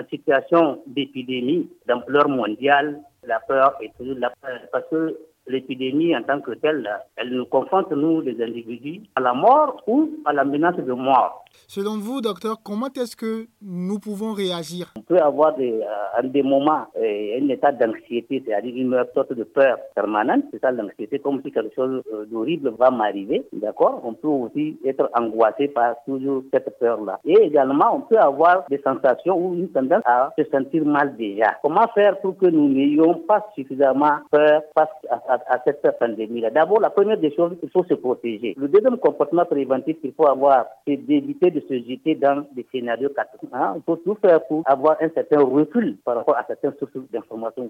en situation d'épidémie d'ampleur mondiale, la peur est toujours la peur. Parce que l'épidémie en tant que telle, elle nous confronte, nous, les individus, à la mort ou à la menace de mort. Selon vous, docteur, comment est-ce que nous pouvons réagir On peut avoir des, euh, des moments euh, un état d'anxiété, c'est-à-dire une sorte de peur permanente, c'est ça l'anxiété, comme si quelque chose euh, d'horrible va m'arriver, d'accord On peut aussi être angoissé par toujours cette peur-là. Et également, on peut avoir des sensations ou une tendance à se sentir mal déjà. Comment faire pour que nous n'ayons pas suffisamment peur face à, à cette pandémie-là D'abord, la première des choses, il faut se protéger. Le deuxième comportement préventif qu'il faut avoir, d'éviter de se jeter dans des scénarios catastrophiques. Ah, il faut tout faire pour avoir un certain recul par rapport à certaines sources d'informations.